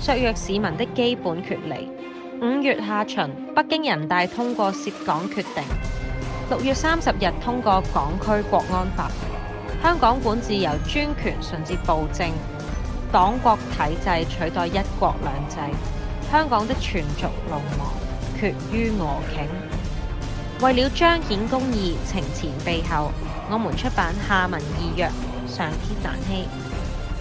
削弱市民的基本權利。五月下旬，北京人大通過涉港決定；六月三十日通過港區國安法。香港管治由專權順至暴政，黨國體制取代一國兩制。香港的全族淪亡，決於俄頃。為了彰顯公義，懲前毖後，我們出版下文義約，上天難欺。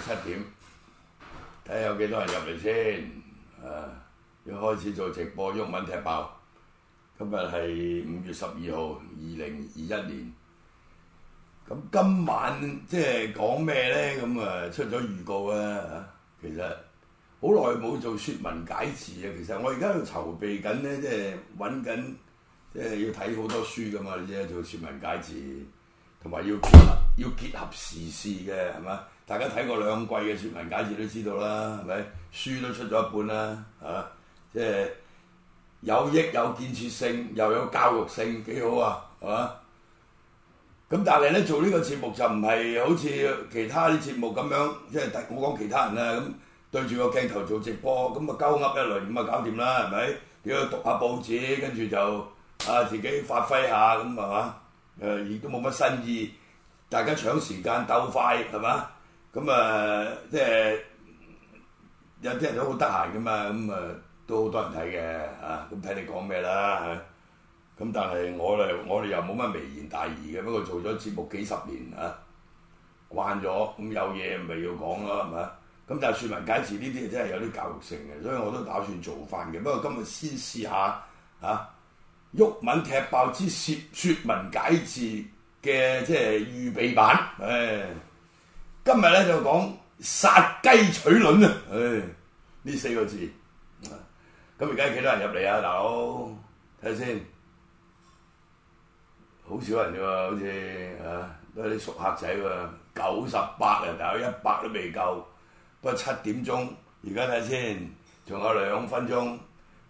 七點睇下有幾多人入嚟先啊！要開始做直播，毓民踢爆。今日係五月十二號，二零二一年。咁、啊、今晚即係講咩咧？咁、就是、啊出咗預告啊。其實好耐冇做説文解字啊。其實我而家喺度籌備緊咧，即係揾緊，即係要睇好多書噶嘛。即係做説文解字同埋要結合要結合時事嘅，係嘛？大家睇過兩季嘅《説文解字》都知道啦，係咪書都出咗一半啦，嚇！即係有益、有建設性，又有教育性，幾好啊，係嘛？咁但係咧，做呢個節目就唔係好似其他啲節目咁樣，即係我講其他人啊，咁對住個鏡頭做直播，咁啊鳩噏一輪咁啊搞掂啦，係咪？要讀下報紙，跟住就啊自己發揮下咁係嘛？誒亦都冇乜新意，大家搶時間鬥快係嘛？咁、呃嗯、啊，即係有啲人都好得閒嘅嘛，咁啊都好多人睇嘅嚇，咁睇你講咩啦？咁、啊、但係我哋我哋又冇乜微言大義嘅，不過做咗節目幾十年啊，慣咗咁有嘢咪要講咯嚇。咁、啊、但係説文解字呢啲真係有啲教育性嘅，所以我都打算做翻嘅。不過今日先試下嚇，毓、啊、民踢爆之説説文解字嘅即係預備版，唉、哎。今日咧就講殺雞取卵啊！唉、哎，呢四個字，咁而家幾多人入嚟啊？大佬睇下先，好少人咋喎？好似啊，都係啲熟客仔喎，九十八人，大概一百都未夠。不過七點鐘，而家睇下先，仲有兩分鐘，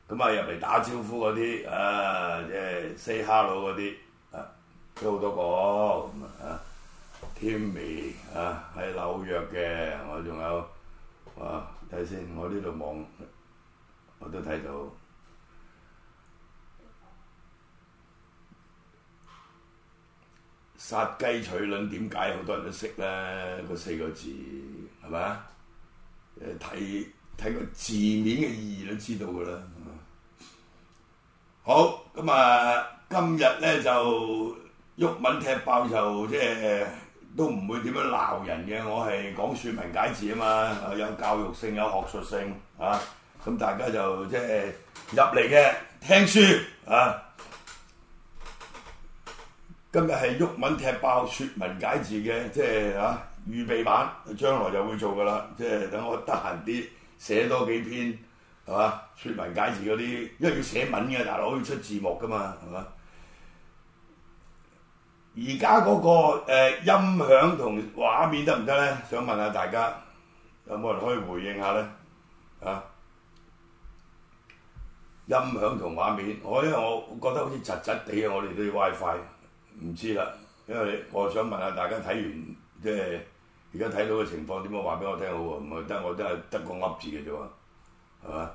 咁啊入嚟打招呼嗰啲，啊即係 say hello 嗰啲，啊都好多個咁啊。天美啊，喺紐約嘅，我仲有啊，睇先，我呢度望，我都睇到殺雞取卵，點解好多人都識咧？個四個字係咪？誒睇睇個字面嘅意義都知道噶啦。好，咁啊，今日咧就毓民踢爆就即係。都唔會點樣鬧人嘅，我係講説文解字啊嘛，有教育性，有學術性啊，咁大家就即係入嚟嘅聽書啊。今日係毓民踢爆説文解字嘅，即係啊預備版，將來就會做噶啦。即係等我得閒啲寫多幾篇係嘛，説文解字嗰啲，因為要寫文嘅，但係可以出字幕噶嘛，係嘛。而家嗰個、呃、音響同畫面得唔得咧？想問下大家有冇人可以回應下咧？啊，音響同畫面，我因為我覺得好似窒窒地啊，我哋都要 WiFi 唔知啦。因為我想問下大家睇完即係而家睇到嘅情況，點樣話俾我聽好喎？唔係得，我都係得個噏字嘅啫喎，係嘛？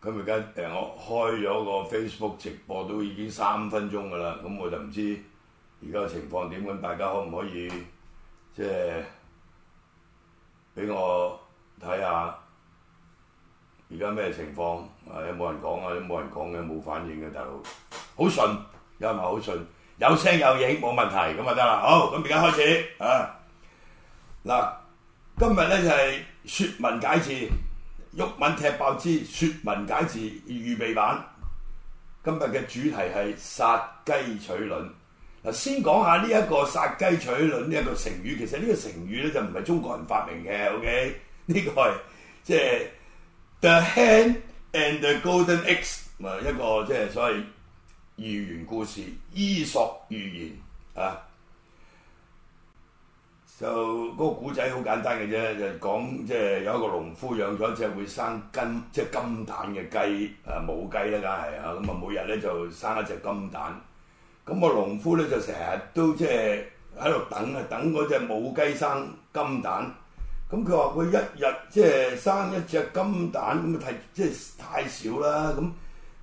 咁而家誒我開咗個 Facebook 直播都已經三分鐘噶啦，咁我就唔知。而家情況點咁？大家可唔可以即係俾我睇下？而家咩情況？啊，有冇人講啊？有冇人講嘅，冇反應嘅，大佬。好順，一好順，有聲有影，冇問題咁就得啦。好，咁而家開始啊！嗱，今日咧就係、是、説文解字，毓民踢爆之説文解字預備版。今日嘅主題係殺雞取卵。先講下呢一個殺雞取卵呢一個成語，其實呢個成語咧就唔係中國人發明嘅，OK？呢個係即係 The Hand and the Golden Egg，一個即係所謂寓言故事伊索寓言啊。就、so，嗰個古仔好簡單嘅啫，就是、講即係、就是、有一個農夫養咗一隻會生金即係、就是、金蛋嘅雞啊，母雞啦梗係啊，咁啊每日咧就生一隻金蛋。咁個農夫咧就成日都即係喺度等啊，等嗰隻母雞生金蛋。咁佢話佢一日即係生一隻金蛋咁，太即係、就是、太少啦。咁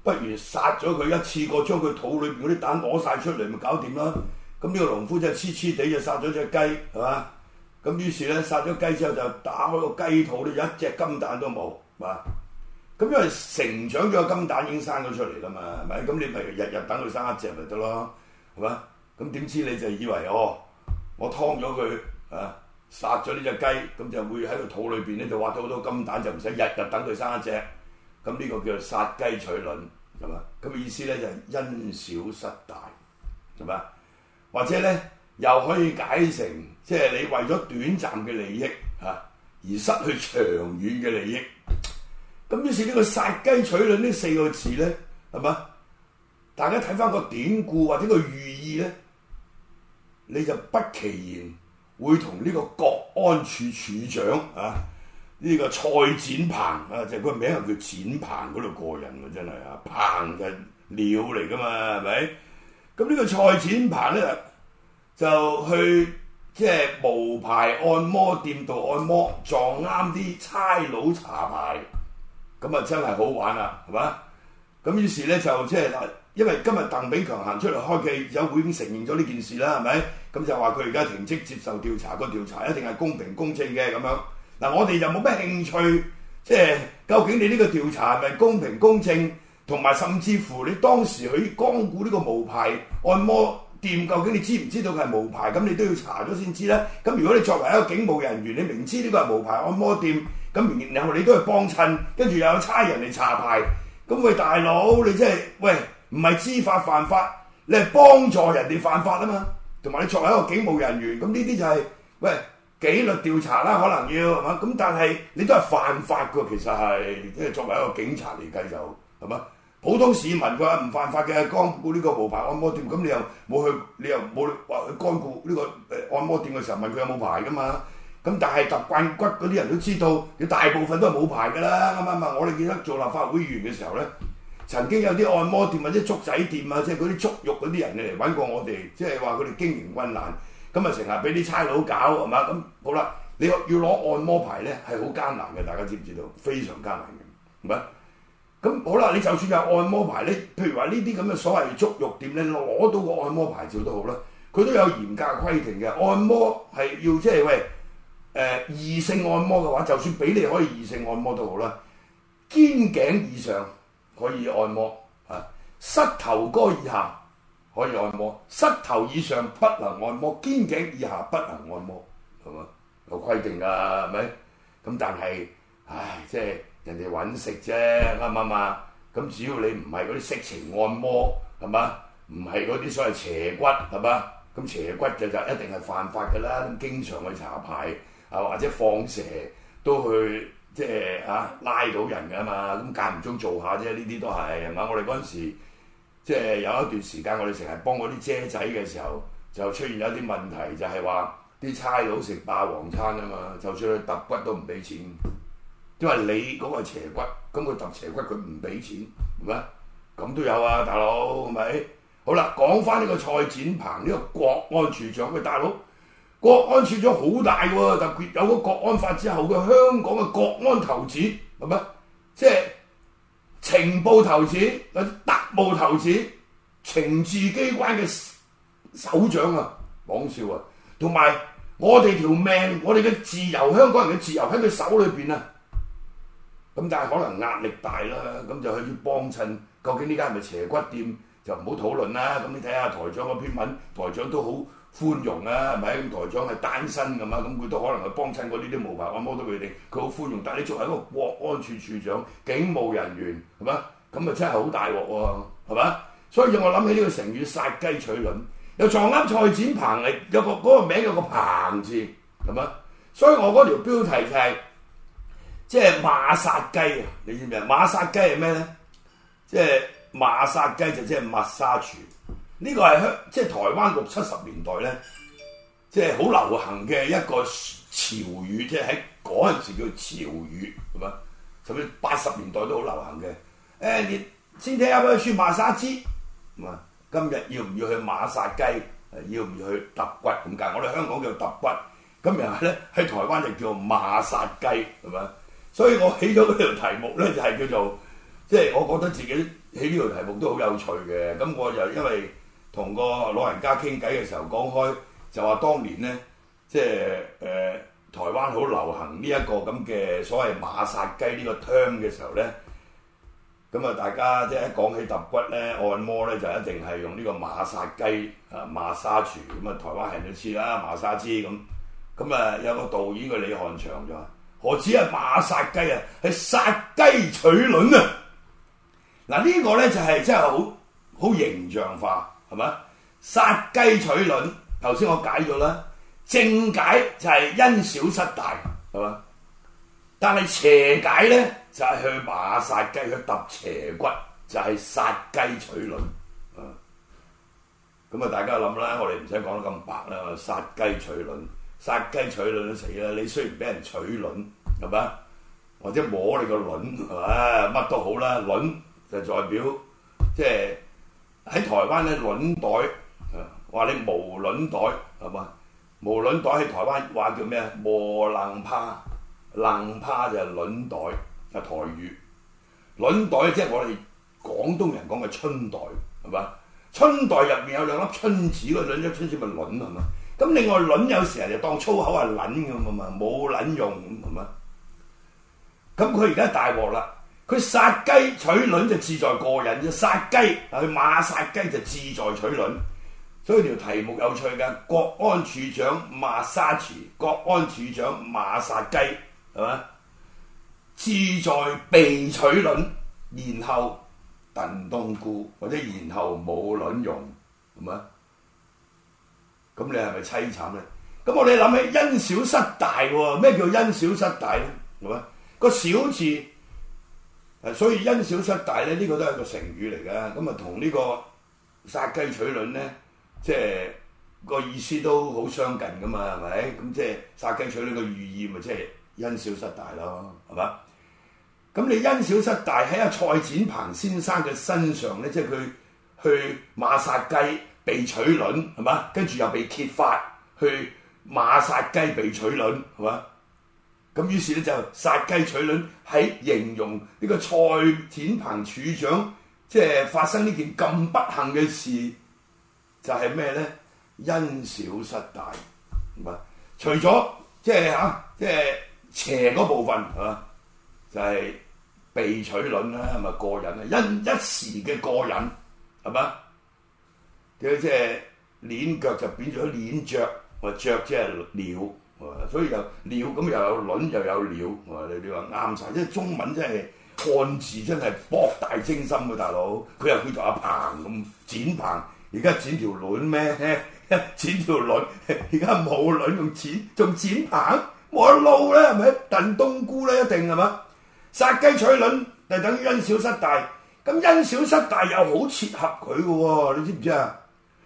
不如殺咗佢一次過，將佢肚裏邊嗰啲蛋攞晒出嚟，咪搞掂啦。咁呢個農夫就係黐黐地就殺咗隻雞，係嘛？咁於是咧殺咗雞之後，就打開個雞肚咧，一隻金蛋都冇，係咁因為成長咗個金蛋已經生咗出嚟啦嘛，係咪？咁你咪日日等佢生一隻咪得咯，係咪？咁點知你就以為哦，我劏咗佢，啊，殺咗呢隻雞，咁就會喺個肚裏邊咧就挖到好多金蛋，就唔使日日等佢生一隻。咁呢個叫做殺雞取卵，係咪？咁嘅意思咧就係因小失大，係咪？或者咧又可以解成，即係你為咗短暫嘅利益嚇，而失去長遠嘅利益。咁於是呢、呢個殺雞取卵呢四個字咧，係嘛？大家睇翻個典故或者個寓意咧，你就不其然會同呢個國安處處長啊，呢、呢個蔡展鵬啊，就個、係、名係叫展鵬嗰度過人真係啊，鵬就鳥嚟㗎嘛，係咪？咁呢個蔡展鵬咧就去即係、就係、無牌按摩店度按摩，撞啱啲差佬查牌。咁啊，真係好玩啦，係嘛？咁於是咧就即係嗱，因為今日鄧炳強行出嚟開記者會，已經承認咗呢件事啦，係咪？咁就話佢而家停職接受調查，個調查一定係公平公正嘅咁樣。嗱，我哋就冇咩興趣，即係究竟你呢個調查係咪公平公正？同埋甚至乎你當時去光顧呢個無牌按摩店，究竟你知唔知道佢係無牌？咁你都要查咗先知啦。咁如果你作為一個警務人員，你明知呢個係無牌按摩店。咁然後你都係幫襯，跟住又有差人嚟查牌。咁喂，大佬，你真係喂，唔係知法犯法，你係幫助人哋犯法啊嘛？同埋你作為一個警務人員，咁呢啲就係喂，紀律調查啦，可能要係嘛？咁但係你都係犯法噶，其實係即係作為一個警察嚟計就係嘛？普通市民佢話唔犯法嘅，光顧呢個無牌按摩店，咁你又冇去，你又冇話去光顧呢個按摩店嘅時候問佢有冇牌噶嘛？咁但係習慣骨嗰啲人都知道，你大部分都係冇牌噶啦，啱唔啱？我哋記得做立法會議員嘅時候咧，曾經有啲按摩店或者足仔店啊，即係嗰啲足浴嗰啲人嚟揾過我哋，即係話佢哋經營困難，咁啊成日俾啲差佬搞係嘛？咁好啦，你要攞按摩牌咧係好艱難嘅，大家知唔知道？非常艱難嘅，係咪？咁好啦，你就算有按摩牌你，譬如話呢啲咁嘅所謂足浴店咧攞到個按摩牌照都好啦，佢都有嚴格規定嘅，按摩係要即係喂。誒、呃、異性按摩嘅話，就算俾你可以異性按摩都好啦。肩頸以上可以按摩，嚇、啊；膝頭哥以下可以按摩，膝頭以上不能按摩，肩頸以下不能按摩，係嘛？有規定㗎，係咪？咁但係，唉，即、就、係、是、人哋揾食啫，啱唔啱啊？咁只要你唔係嗰啲色情按摩，係嘛？唔係嗰啲所謂斜骨，係嘛？咁斜骨嘅就一定係犯法㗎啦，咁經常去查牌。啊，或者放蛇都去即係嚇拉到人噶嘛，咁間唔中做下啫，呢啲都係係嘛。我哋嗰陣時即係有一段時間，我哋成日幫嗰啲姐仔嘅時候，就出現咗啲問題，就係話啲差佬食霸王餐啊嘛，就算佢揼骨都唔俾錢，因為你嗰個邪骨，咁佢揼邪骨佢唔俾錢，係咪？咁都有啊，大佬，係咪？好啦，講翻呢個蔡展鵬呢個國安處長，喂，大佬。國安設咗好大喎，特別有嗰國安法之後嘅香港嘅國安頭子，係咪？即係情報頭子、特務頭子、情治機關嘅首長啊，講笑啊！同埋我哋條命、我哋嘅自由，香港人嘅自由喺佢手裏邊啊！咁但係可能壓力大啦，咁就去要幫襯。究竟呢間係咪邪骨店？就唔好討論啦。咁你睇下台長嘅篇文，台長都好。寬容啊，係咪台長係單身咁啊？咁佢都可能去幫襯我呢啲無牌按摩都佢哋，佢好寬容。但係你作為一個國安處處長、警務人員，係咪咁啊？真係好大鑊喎，係咪？所以我諗起呢個成語殺雞取卵，又撞啱蔡展鵬嚟，有個嗰個名有個鵬字，係咪？所以我嗰條標題就係即係馬殺雞啊！你知唔知啊？馬殺雞係咩咧？即係馬殺雞就即係抹沙廚。呢個係香，即、就、係、是、台灣六七十年代咧，即係好流行嘅一個潮語，即係喺嗰陣時叫潮語，係嘛？甚至八十年代都好流行嘅。誒、哎，你先聽一下佢雪麻沙枝，咁啊，今日要唔要去馬殺雞？要唔要去揼骨咁解？我哋香港叫揼骨，咁又係咧喺台灣就叫做馬殺雞，係嘛？所以我起咗呢條題目咧，就係、是、叫做，即、就、係、是、我覺得自己起呢條題目都好有趣嘅。咁我就因為。同個老人家傾偈嘅時候講開，就話當年咧，即係誒、呃、台灣好流行呢一個咁嘅所謂馬殺雞呢個 term 嘅時候咧，咁啊大家即係講起揼骨咧，按摩咧，就一定係用呢個馬殺雞啊，馬沙廚。咁啊台灣人都知啦，馬沙之咁，咁啊、嗯、有個導演個李漢祥就話：何止係馬殺雞啊，係殺雞取卵啊！嗱呢個咧就係真係好好形象化。係嘛？殺雞取卵，頭先我解咗啦。正解就係因小失大，係嘛？但係邪解咧，就係去馬殺雞，去揼邪骨，就係殺雞取卵。咁啊，大家諗啦，我哋唔使講得咁白啦。殺雞取卵，殺雞取卵都死啦。你雖然俾人取卵，係嘛？或者摸你個卵，啊乜都好啦。卵就代表即係。喺台灣咧，卵袋，話你無卵袋係嘛？無卵袋喺台灣話叫咩啊？磨愣怕，愣怕就係卵袋，係台語。卵袋即係我哋廣東人講嘅春袋係嘛？春袋入邊有兩粒春子，嗰兩粒春子咪卵係嘛？咁另外卵有時就當粗口係卵咁啊嘛，冇卵用咁係嘛？咁佢而家大鑊啦！佢殺雞取卵就自在過人，要殺雞，去馬殺雞就自在取卵。所以條題目有趣嘅，國安處長馬殺廚，國安處長馬殺雞，係嘛？自在被取卵，然後燉冬菇，或者然後冇卵用，係嘛？咁你係咪淒慘咧？咁我哋諗起因小失大喎，咩叫因小失大咧？係嘛？個小字。所以因小失大咧，呢、這個都係個成語嚟嘅。咁啊，同呢個殺雞取卵咧，即係個意思都好相近噶嘛，係咪？咁即係殺雞取卵嘅寓意，咪即係因小失大咯，係嘛？咁你因小失大喺阿、啊、蔡展鵬先生嘅身上咧，即係佢去，去馬殺雞被取卵，係嘛？跟住又被揭發去馬殺雞被取卵，係嘛？咁於是咧就殺雞取卵喺形容呢個蔡展鵬處長即係、就是、發生呢件咁不幸嘅事，就係咩咧？因小失大，唔係除咗即係嚇，即係邪嗰部分係嘛？就係、是、被取卵啦，係咪過癮啊？因一時嘅過癮係嘛？即係攆腳就變咗攆雀，我雀即係鳥。所以又鳥咁又有卵又有鳥，你你話啱晒，即係中文真係漢字真係博大精深嘅、啊，大佬佢又叫做阿鵬咁剪鵬，而家剪條卵咩？ 剪條卵，而家冇卵用剪仲剪鵬，冇得撈咧係咪？燉冬菇咧一定係嘛？殺雞取卵就等於因小失大，咁因小失大又好切合佢嘅喎，你知唔知啊？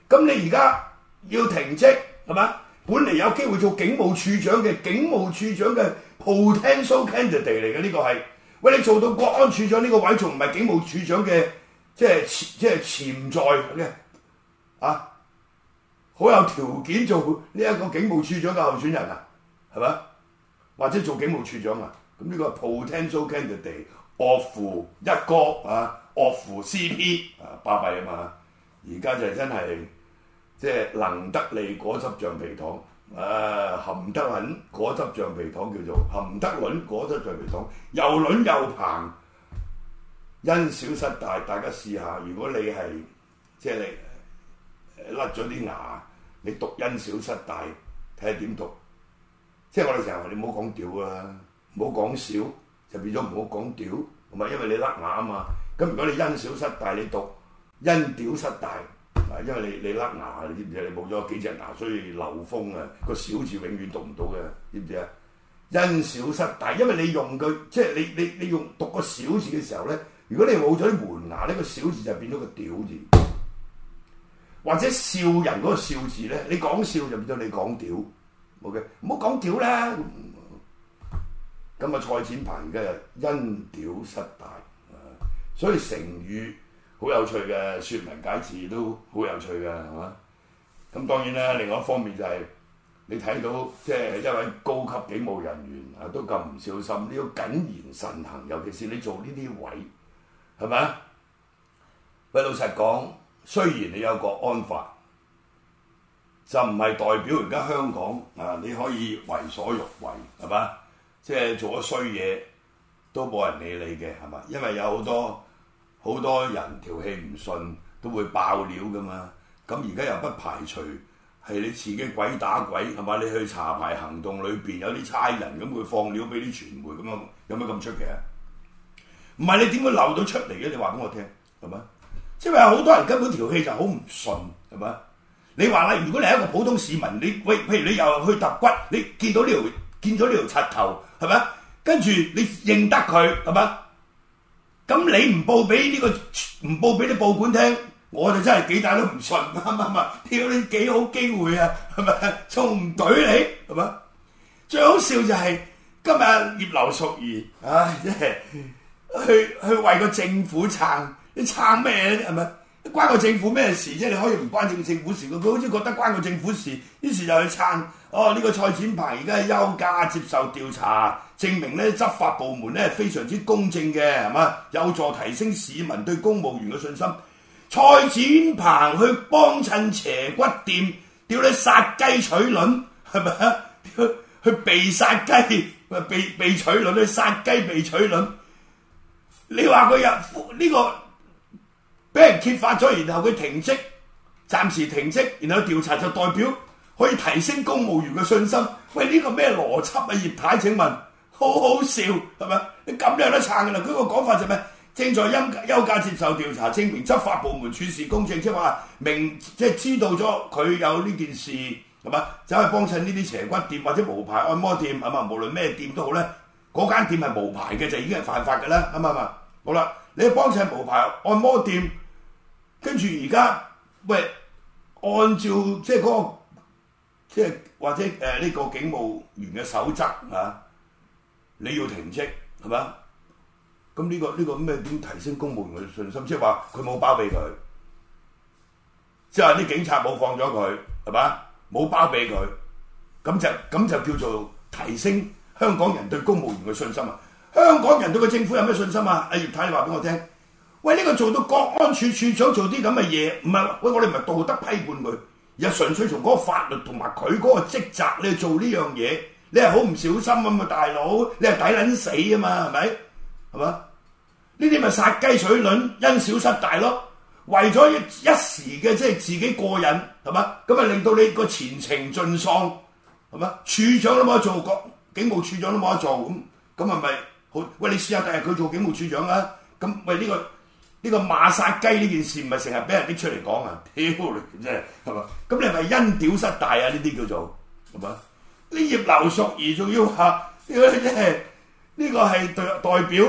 咁你而家要停職係嘛？本嚟有機會做警務處長嘅警務處長嘅 potential candidate 嚟嘅呢個係，喂你做到國安處長呢個位仲唔係警務處長嘅，即係即係潛在嘅啊，好有條件做呢一個警務處長嘅候選人啊，係咪？或者做警務處長啊？咁、這、呢個 potential candidate of 一哥啊，of CP 啊巴閉啊嘛，而家就係真係。即係能得利果汁橡皮糖，誒、啊、含得穩果汁橡皮糖叫做含得卵果汁橡皮糖，又卵又膨，因小失大。大家試下，如果你係即係你甩咗啲牙，你讀因小失大，睇下點讀？即係我哋成日話你唔好講屌啊，唔好講少，就變咗唔好講屌同埋，因為你甩牙啊嘛。咁如果你因小失大，你讀因屌失大。因為你你甩牙，你知唔知？你冇咗幾隻牙，所以漏風啊！個小字永遠讀唔到嘅，知唔知啊？因小失大，因為你用佢，即係你你你用讀個小字嘅時候咧，如果你冇咗啲門牙，呢個小字就變咗個屌字，或者笑人嗰個笑字咧，你講笑就變咗你講屌，OK，唔好講屌啦。咁啊，蔡展鵬嘅因屌失大，所以成語。好有趣嘅說文解字都好有趣嘅，係嘛？咁當然啦，另外一方面就係、是、你睇到即係一位高級警務人員啊，都咁唔小心，你要謹言慎行，尤其是你做呢啲位，係咪啊？喂，老實講，雖然你有國安法，就唔係代表而家香港啊，你可以為所欲為，係嘛？即、就、係、是、做咗衰嘢都冇人理你嘅，係嘛？因為有好多。好多人條氣唔信都會爆料噶嘛，咁而家又不排除係你自己鬼打鬼係嘛？你去查牌行動裏邊有啲差人咁會放料俾啲傳媒咁樣，有咩咁出奇啊？唔係你點會漏到出嚟嘅？你話俾我聽係嘛？即係有好多人根本條氣就好唔信係嘛？你話啦，如果你係一個普通市民，你喂譬如你又去揼骨，你見到呢條見咗呢條柒頭係咪？跟住你認得佢係嘛？咁你唔報俾呢、呢個唔報俾啲報館聽，我就真係幾大都唔信啦嘛嘛，屌 你幾好機會啊，係咪？仲唔隊你係咪？最好笑就係今日、啊、葉劉淑儀啊，即係去去為個政府撐，你撐咩咧？係咪？關個政府咩事啫？你可以唔關政政府事，佢好似覺得關個政府事，於是就去撐。哦，呢個蔡展鵬而家休假接受調查，證明咧執法部門咧非常之公正嘅，係嘛？有助提升市民對公務員嘅信心。蔡展鵬去幫襯邪骨店，屌你殺雞取卵，係咪去去被殺雞，被被取卵，去殺雞被取卵。你話佢日呢個俾人揭發咗，然後佢停職，暫時停職，然後調查就代表。可以提升公務員嘅信心，喂呢個咩邏輯啊？葉太，請問，好好笑係咪？你咁樣都撐㗎啦？佢個講法就咩？正在休休假接受調查，證明執法部門處事公正，即係話明，即係知道咗佢有呢件事係咪？走去幫襯呢啲邪骨店或者無牌按摩店係咪？無論咩店都好咧，嗰間店係無牌嘅就已經係犯法㗎啦，啱唔啱？好啦，你幫襯無牌按摩店，跟住而家喂，按照即係嗰即係或者誒呢個警務員嘅守則啊，你要停職係嘛？咁呢個呢個咩點提升公務員嘅信心？即係話佢冇包庇佢，即係啲警察冇放咗佢係嘛？冇包庇佢，咁就咁就叫做提升香港人對公務員嘅信心啊！香港人對個政府有咩信心啊？阿葉太你話俾我聽，喂呢個做到國安處處長做啲咁嘅嘢，唔係喂我哋唔係道德批判佢。又純粹從嗰個法律同埋佢嗰個職責嚟做呢樣嘢，你係好唔小心啊嘛，大佬，你係抵撚死啊嘛，係咪？係嘛？呢啲咪殺雞取卵，因小失大咯。為咗一時嘅即係自己過癮，係嘛？咁咪令到你個前程盡喪，係嘛？處長都冇得做，個警務處長都冇得做，咁咁係咪？好，喂，你試下第日佢做警務處長啊？咁喂呢、這個。呢個馬殺雞呢件事唔係成日俾人拎出嚟講啊！屌 你真係係嘛？咁你係咪因屌失大啊？呢啲叫做係嘛？呢葉劉淑儀仲要話呢、這個即係呢個係代代表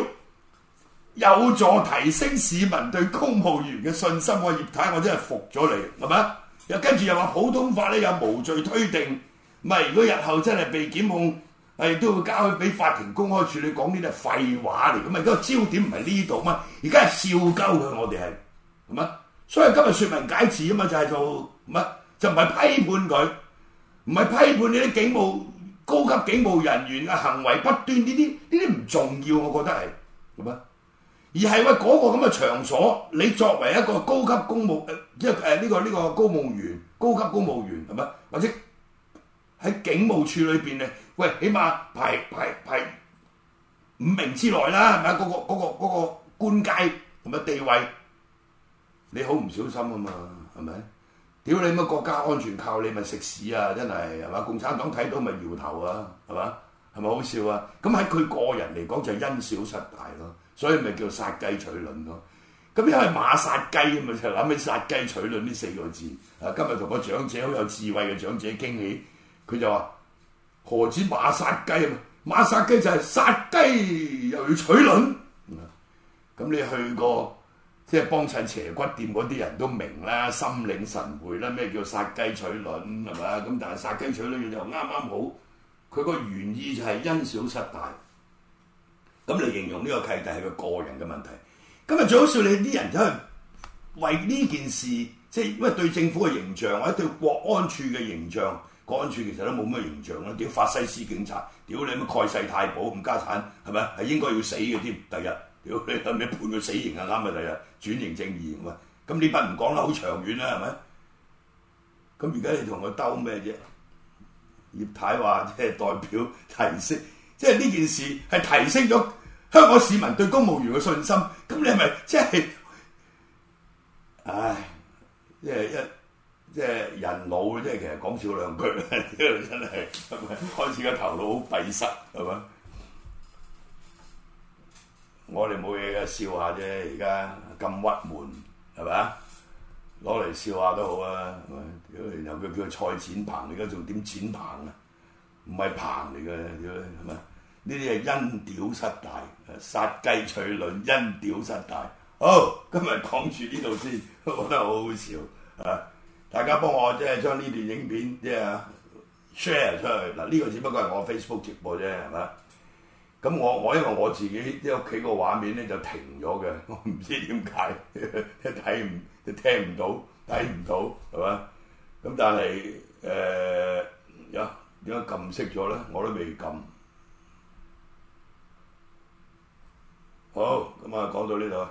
有助提升市民對公務員嘅信心、啊。我葉太我真係服咗你係嘛？又跟住又話普通法咧有無罪推定，咪如果日後真係被檢控？係都會交去俾法庭公開處理，講呢啲係廢話嚟。咁啊個焦點唔係呢度嘛？而家係笑鳩佢，我哋係係嘛？所以今日說文解字啊嘛，就係、是、做乜？就唔係批判佢，唔係批判呢啲警務高級警務人員嘅行為不端呢啲？呢啲唔重要，我覺得係係嘛？而係喂嗰個咁嘅場所，你作為一個高級公務誒，即係誒呢個呢、這個公務員、高級公務員係咪？或者喺警務處裏邊咧？喂，起碼排排排，排五名之內啦，係咪啊？嗰個嗰個嗰個官階同埋地位，你好唔小心啊嘛，係咪？屌你乜國家安全靠你咪食屎啊！真係係嘛？共產黨睇到咪搖頭啊，係嘛？係咪好笑啊？咁喺佢個人嚟講就係因小失大咯，所以咪叫殺雞取卵咯。咁因為馬殺雞咁啊，諗起殺雞取卵呢四個字啊，今日同個長者好有智慧嘅長者傾起，佢就話。何止馬殺雞啊？馬殺雞就係殺雞，又要取卵。咁、嗯、你去過即係幫襯邪骨店嗰啲人都明啦，心領神會啦，咩叫殺雞取卵係嘛？咁但係殺雞取卵又啱啱好，佢個原意就係因小失大。咁、嗯、你形容呢個契弟係個個人嘅問題。今日、嗯、最好笑你啲人真係為呢件事，即、就、係、是、因為對政府嘅形象，或者對國安處嘅形象。國安處其實都冇咩形象啦，屌法西斯警察，屌你乜蓋世太保咁家產，係咪係應該要死嘅添？第日，日，屌你等你判佢死刑啊啱啊！第日，日轉型正義，喂，咁呢筆唔講得好長遠啦，係咪？咁而家你同佢兜咩啫？葉太話即係代表提升，即係呢件事係提升咗香港市民對公務員嘅信心。咁你係咪即係？唉，即係一。即係人老即係其實講少兩句，呵呵，真係開始個頭腦好閉塞，係嘛？我哋冇嘢嘅，笑下啫。而家咁鬱悶，係嘛？攞嚟笑下都好啊，係咪？然後佢叫蔡展鵬，而家仲點展鵬啊？唔係鵬嚟嘅，係咪？呢啲係因屌失大，殺雞取卵，因屌失大。好，今日講住呢度先，我覺得好好笑啊！是大家幫我即係將呢段影片即係 share 出去嗱，呢個只不過係我 Facebook 直播啫，係嘛？咁我我因為我自己即屋企個畫面咧就停咗嘅，我唔知點解，睇唔聽唔到，睇唔到係嘛？咁但係誒，點解撳熄咗咧？我都未撳。好，咁啊，講到呢度。